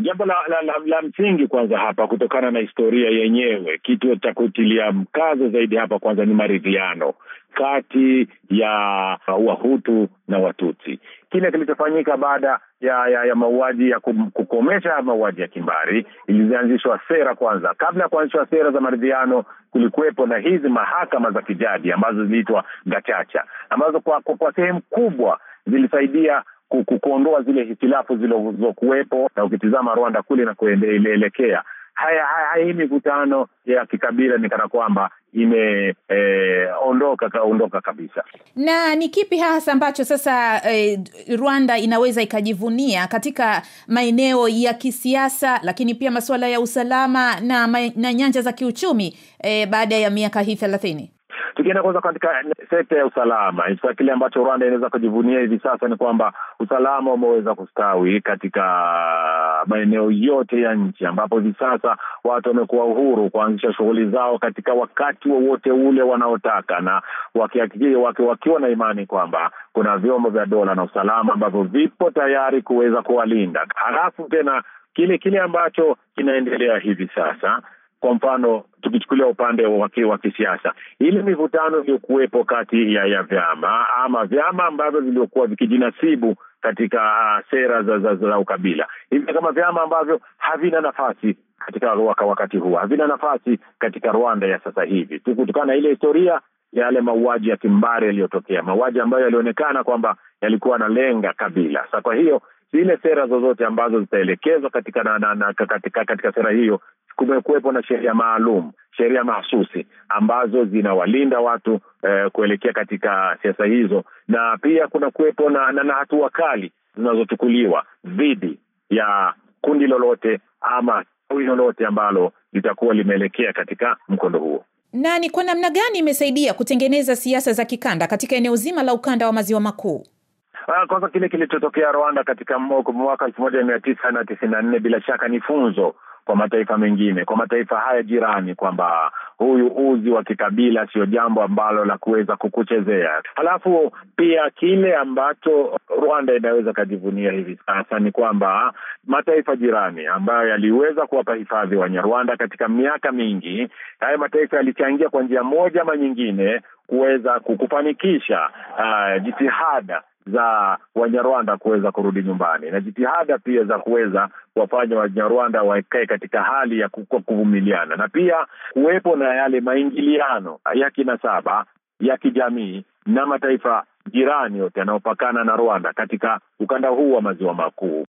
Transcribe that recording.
jambo la, la, la, la msingi kwanza hapa kutokana na historia yenyewe, kitu cha kutilia mkazo zaidi hapa kwanza ni maridhiano kati ya Wahutu na Watutsi. Kile kilichofanyika baada ya ya, ya mauaji ya kukomesha mauaji ya kimbari, ilizianzishwa sera kwanza. Kabla ya kuanzishwa sera za maridhiano, kulikuwepo na hizi mahakama za kijadi ambazo ziliitwa gachacha, ambazo kwa, kwa, kwa sehemu kubwa zilisaidia kuondoa zile hitilafu zilizokuwepo, na ukitizama Rwanda kule na kuelekea haya, haya hii mikutano ya kikabila ni kana kwamba imeondoka eh, e, ondoka kabisa. Na ni kipi hasa ambacho sasa e, Rwanda inaweza ikajivunia katika maeneo ya kisiasa, lakini pia masuala ya usalama na, na nyanja za kiuchumi e, baada ya miaka hii thelathini? Tukienda kwanza katika sekta ya usalama, kile ambacho Rwanda inaweza kujivunia hivi sasa ni kwamba usalama umeweza kustawi katika maeneo yote ya nchi, ambapo hivi sasa watu wamekuwa uhuru kuanzisha shughuli zao katika wakati wowote wa ule wanaotaka, na wakiwa waki, waki na imani kwamba kuna vyombo vya dola na usalama ambavyo vipo tayari kuweza kuwalinda. Halafu tena kile kile ambacho kinaendelea hivi sasa kwa mfano tukichukulia upande wa kisiasa, ile mivutano iliyokuwepo kati ya, ya vyama ama vyama ambavyo viliokuwa vikijinasibu katika uh, sera za, za, za ukabila hivi, kama vyama ambavyo havina nafasi katika waka wakati huu havina nafasi katika Rwanda ya sasa hivi tu kutokana na ile historia ya yale mauaji ya kimbari yaliyotokea, mauaji ambayo yalionekana kwamba yalikuwa analenga kabila. sa kwa hiyo zile sera zozote ambazo zitaelekezwa katika, katika, katika sera hiyo kumekuwepo na sheria maalum, sheria mahsusi ambazo zinawalinda watu eh, kuelekea katika siasa hizo, na pia kuna kuwepo na, na, na hatua kali zinazochukuliwa dhidi ya kundi lolote ama tawi lolote ambalo litakuwa limeelekea katika mkondo huo. Na ni kwa namna gani imesaidia kutengeneza siasa za kikanda katika eneo zima la ukanda wa maziwa makuu? Ah, kwanza, kile kilichotokea Rwanda katika mwaka elfu moja mia tisa na tisini na nne bila shaka ni funzo kwa mataifa mengine, kwa mataifa haya jirani, kwamba huyu uzi wa kikabila sio jambo ambalo la kuweza kukuchezea. Halafu pia kile ambacho Rwanda inaweza kajivunia hivi sasa ni kwamba mataifa jirani ambayo yaliweza kuwapa hifadhi Wanyarwanda katika miaka mingi, haya mataifa yalichangia kwa njia moja ama nyingine kuweza kukufanikisha uh, jitihada za Wanyarwanda kuweza kurudi nyumbani na jitihada pia za kuweza kuwafanya Wanyarwanda wakae katika hali ya kuvumiliana na pia kuwepo na yale maingiliano ya kinasaba ya kijamii na mataifa jirani yote yanayopakana na Rwanda katika ukanda huu wa maziwa makuu.